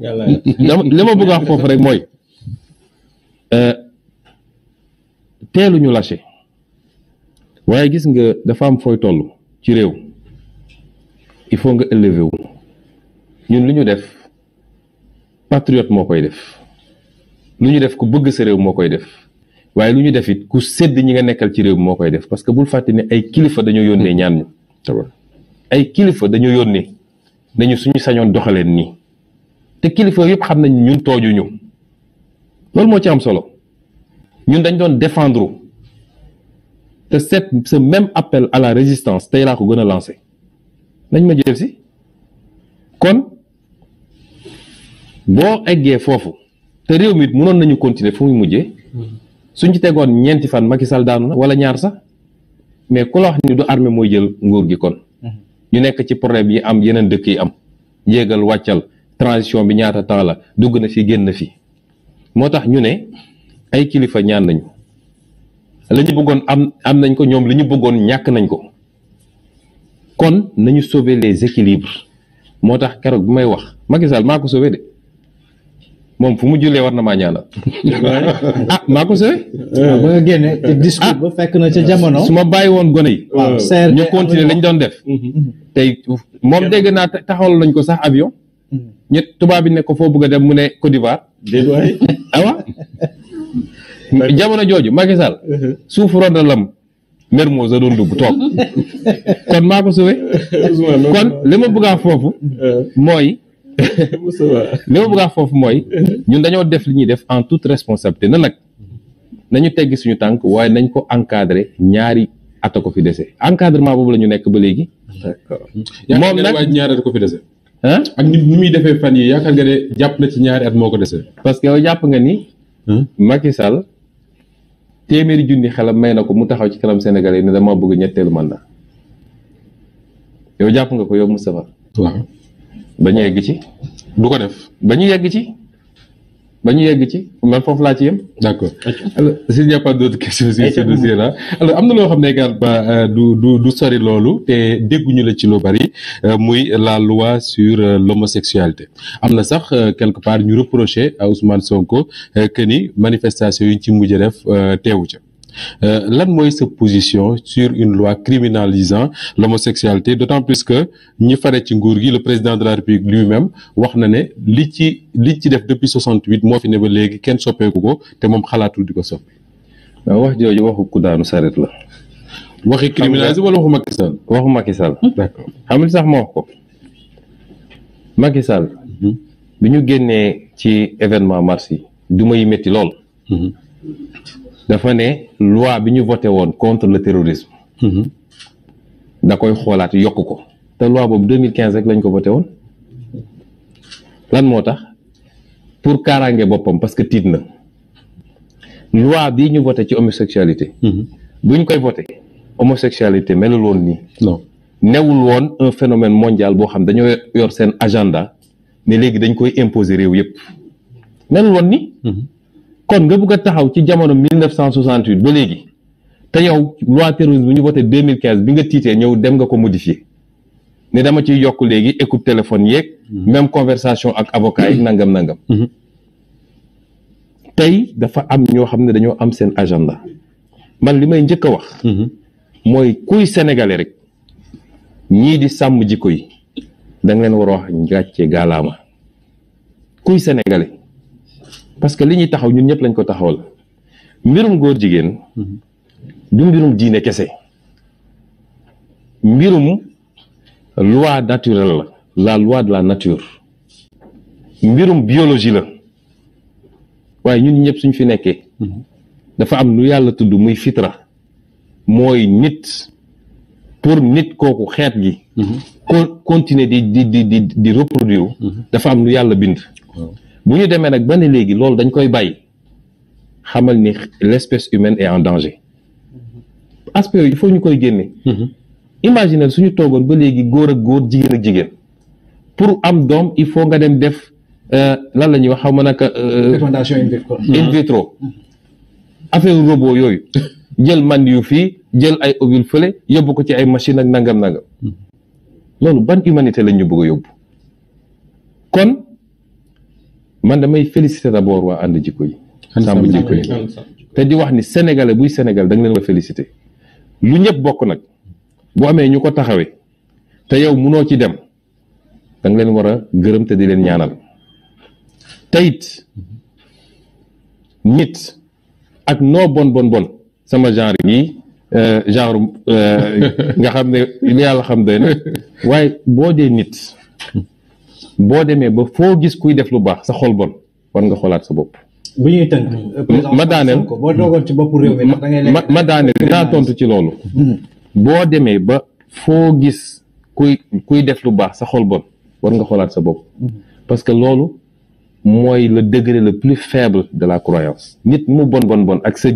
li ma bëgg a foofu rek mooy euh, teeluñu lâché waaye gis nga dafa am fooy toll ci réew il faut nga élever wu ñun lu ñu def patriote moo koy def lu ñu def ku bëgg sa réew moo koy def waaye lu ñu def it ku sedd ñi nga nekkal ci réew moo koy def parce que bul fàtte ni ay kilifa dañoo yónnee ñaan ñu ay kilifa dañoo yónnee nañu suñu sañoon doxaleen nii te kilifa yëpp xam nañ ñun toojuñu loolu moo ci am solo ñun dañ doon défendre te set ce même appel à la résistance tey laa ko gën a lancé nañ ma jëf si kon boo eggee foofu te réew mi mënoon nañu continuer fu muy mujjee suñ ci tegoon ñeenti fan Macky Sall daanu na wala ñaar sax mais ku la wax ni du armée mooy jël nguur gi kon mhm. ñu nekk ci problème yi am yeneen dëkk yi am yéegal wàccal transition bi ñaata temps la dugg na fi génn na fi moo tax ñu ne ay kilifa ñaan nañu la bëggoon am am nañ ko ñoom li ñu bëggoon ñàkk nañ ko kon nañu sauver les équilibres moo tax keroog bi may wax Macky maa ko sauver de moom fu mu jullee war na maa ñaanal. ah maa ko sauver. Ah, ba nga génne te ah. ba fekk na ca jamono. su ma bàyyi woon gone yi. waaw ñu continuer lañ doon def. Mm-hmm. tey moom dégg naa taxawal lañ ko sax avion. ñett tubaab yi ne ko foo bëgg a dem mu ne Côte d'Ivoire. dégg waay ah jamono jooju Macky Sall. Uh-huh. suuf rondalam Mermoz a doon dugg toog kon maa ko suwe kon li ma bëgg a uh-huh. foofu mooy. li ma mooy ñun dañoo def li ñuy def en toute responsabilité na nag nañu teggi suñu tànk waaye nañ ko encadré ñaari at ko fi dese encadrement boobu la ñu nekk ba léegi. moom nag ñaari at ko fi dese. ah ak ni muy defee fan yi yaakaar nga ne jàpp na ci ñaari at moo ko dese. parce que yow jàpp nga ni. Macky Sall téeméeri junni xelam may na ko mu taxaw ci senegal Sénégalais ne dama bëgg ñetteelu mandat yow jàpp nga ko yow Moustapha. waaw ba ñu yegg ci. du ko def ba ñu yegg ci. ba ñu yegg ci man foofu laa ci yem d' accord alors s'il n'y a pas d' autres questions sur ce dossier là am na loo xam ne également ba euh, du du du sori loolu te dégguñu la ci lu bari euh, muy la loi sur euh, l'homosexualité am na sax quelque part ñu reproché à Ousmane Sonko que ni manifestation yi ci mujj def teewu ca Euh, lan mooy sa position sur une loi criminalisant l'homosexualité d'autant plus que ñi fare ci nguur gi le président de la république lui-même wax na ne li ci li ci def depuis 68 moo fi ne ba léegi kenn soppeeku ko te moom xalaatul di ko soppi. wax jooju waxu ku daanu saret la. waxi criminalisé wala waxu Macky Sall. waxu Macky xam nga sax ma wax ko. Macky mhm. bi ñu génnee ci événement mars yi. du may métti lool. Mhm. dafa ne loi bi ñu voté woon contre le terrorisme mhm. da koy xoolaat yokk ko te loi boobu 2015 rek lañ ko voté woon lan moo tax pour kaaraange boppam parce que tiit na loi bii ñu voté ci homosexualité mhm. ñu koy voté homosexualité melul woon nii non newul woon un phénomène mondial boo xam dañoo yor seen agenda ne léegi dañ koy imposer réew yëpp melul woon nii mhm. kon nga bëgg a taxaw ci jamono 1968 ba léegi te yow loi terrorisme bi ñu voté 2015 bi nga tiitee ñëw dem nga ko modifié ne dama ciy yokk léegi écoute téléphone yeeg. Mhm. même conversation ak avocat yi nangam nangam. Mhm. tey dafa am ñoo xam ne dañoo am seen agenda man li may njëkk a wax. Mhm. mooy kuy sénégalais rek ñii di sàmm jikko yi da leen war a wax gàcce gaalaama kuy sénégalais. parce que li ñuy taxaw ñun ñëpp lañ ko taxawal mbirum góor jigéen du mbirum diine kese mbirum loi naturelle la la loi de la nature mbirum biologie la waaye ñun ñëpp suñ fi nekkee dafa am lu yàlla tudd muy fitra mooy nit pour nit kooku xeet gi ko mhm. di di di di di mhm. dafa am lu yàlla bind bu ñu demee nag ba ne léegi loolu dañ koy bàyyi xamal ni l'espèce humaine est en danger aspe yooyu il faut ñu koy génne mhm. imaginer suñu toogoon ba léegi góor ak góor jigéen ak jigéen pour am doom il faut nga dem def euh, lan la ñuy wax xaw ma naka euh, fécondation in vitro in vitro affaire robot yooyu jël man yu fii jël ay ovule fële yóbbu ko ci ay machine ak nangam nangam mhm. loolu ban humanité lañ ñu bëgg a yóbbu kon man damay féliciter d'abord waa ànd jikko yi sàmm jikko yi te di wax ni sénégalais buy sénégal da leen war a féliciter lu ñëpp bokk nag bu amee ñu ko taxawee te yow munoo ci dem da leen war a gërëm te di leen ñaanal te nit ak noo bon bon bon sama genre yi euh, genre euh, nga xam ne li yàlla xam doy na waaye boo dee nit boo demee ba foo gis kuy def lu baax sa xol bon war nga xoolaat sa bopp. bu ñuy tënk. ma daaneel boo ci boppu réew mi ma ma daaneel dinaa tontu ci loolu. Hmm. boo demee ba foo gis kuy kuy def lu baax sa xol bon war nga xoolaat sa bopp. Hmm. parce que loolu mooy le degré le plus faible de la croyance. nit mu bon bon bon ak sa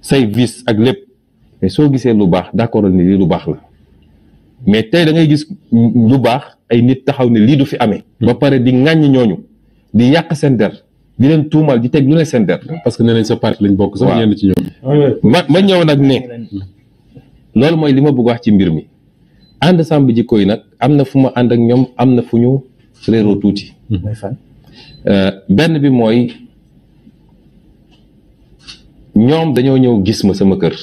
say vice ak lépp soo gisee lu baax d'accord ni lu baax la. mais tey da ngay gis bu baax ay nit taxaw ne lii du fi amee. Hmm. ba pare di ŋàññi ñooñu di yàq seen der di leen tuumaal di teg lu ne seen der. parce que nee nañ sa parti lañ bokk. sax ñenn ci ñoom. ma ma ñëw nag ne mooy li ma bëgg wax ci mbir mi ànd sàmm jikko nag am na fu ma ànd ak ñoom am na fu ñu réeroo hmm. tuuti. Hmm. Euh, bi mooy ñoom dañoo ñëw gis sama kër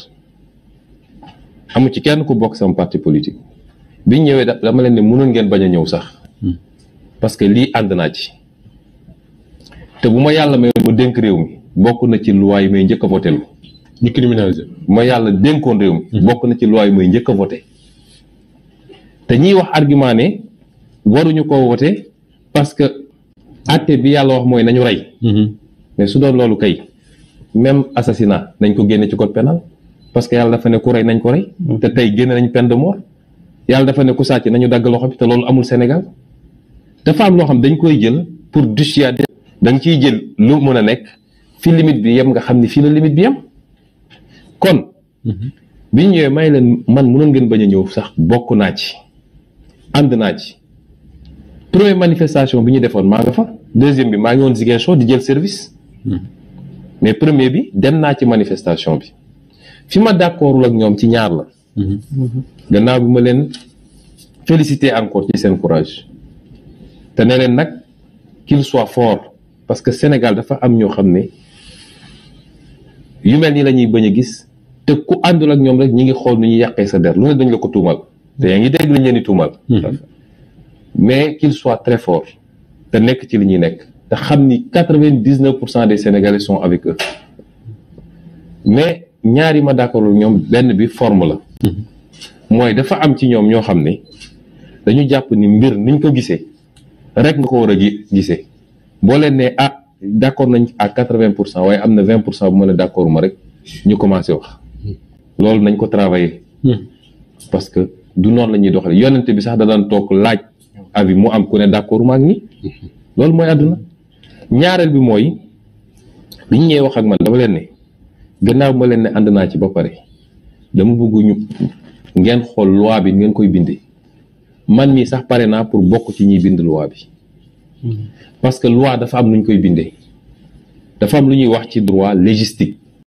amu ci kenn ku bokk sama parti politique. biñ ñëwee dama leen ne mënoon ngeen bañ a ñëw sax hmm. parce que lii ànd naa ci te bu ma yàlla mayoon ma dénk réew mi bokk na ci luwaay may njëkk a ñu criminalisé ma yàlla dénkoon réew mi hmm. bokk na ci luwaay may njëkk a voté te ñiy wax argument ne waruñu ko voté parce que àtte bi yàlla wax mooy nañu rey hmm. mais su doon loolu kay même assasina nañ ko génne ci ko pénal parce que yàlla dafa ne ku rey nañ ko rey te tey génne nañ peine de yàlla dafa ne ku sàcc nañu dagg loxo bi te loolu amul Sénégal dafa am loo xam dañ koy jël pour dissuader da nga ciy jël lu mën a nekk fi limite bi yem nga xam ni fii la limite bi yem kon bi ñëwee may leen man mënoon ngeen bañ a ñëw sax bokk naa ci ànd naa ci première manifestation bi ñu defoon maa nga fa deuxième bi maa ngi woon si soo di jël service mais premier bi dem naa ci manifestation bi fi ma d'accordul ak ñoom ci ñaar la Mm-hmm. gannaaw bi ma leen féliciter encore ci seen courage te ne leen nag qu'il soit fort parce que Sénégal dafa am ñoo xam ne yu mel ni la bañ a gis te ku àndul ak ñoom rek ñi ngi xool ni ñuy yàqee sa der lu ne dañ la ko tuumal te yaa ngi dégg lañ leen di tuumal mm-hmm. mais qu'il soit très fort te nekk ci li ñuy nekk te xam ni quatre-vingt-dix-neuf pour cent des Sénégalais sont avec eux mais ñaari ma d'accordul ñoom benn bi forme la mooy dafa am ci ñoom ñoo xam ne dañu jàpp ni mbir niñ ko gisee rek nga ko war a gisee boo leen nee ah d'accord nañ ak quatre-vingts pour cent waaye am na vingt pour cent bu ma ne d'accord ma rek ñu commencé wax loolu nañ ko travailler parce que du noonu la ñuy doxale yonent bi sax da daan toog laaj avis mu am ku ne d'accord ma ak ni loolu mooy àdduna ñaareel bi mooy liñ ñu ñëwee wax ak man dama leen ne gannaaw ma leen ne ànd naa ci ba pare dama bëggu ñu ngeen xool loi bi ngeen koy bindee man mii sax pare naa pour bokk ci ñuy bind loi bi hmm. parce que loi dafa am lu koy bindee dafa am lu ñuy wax ci droit légistique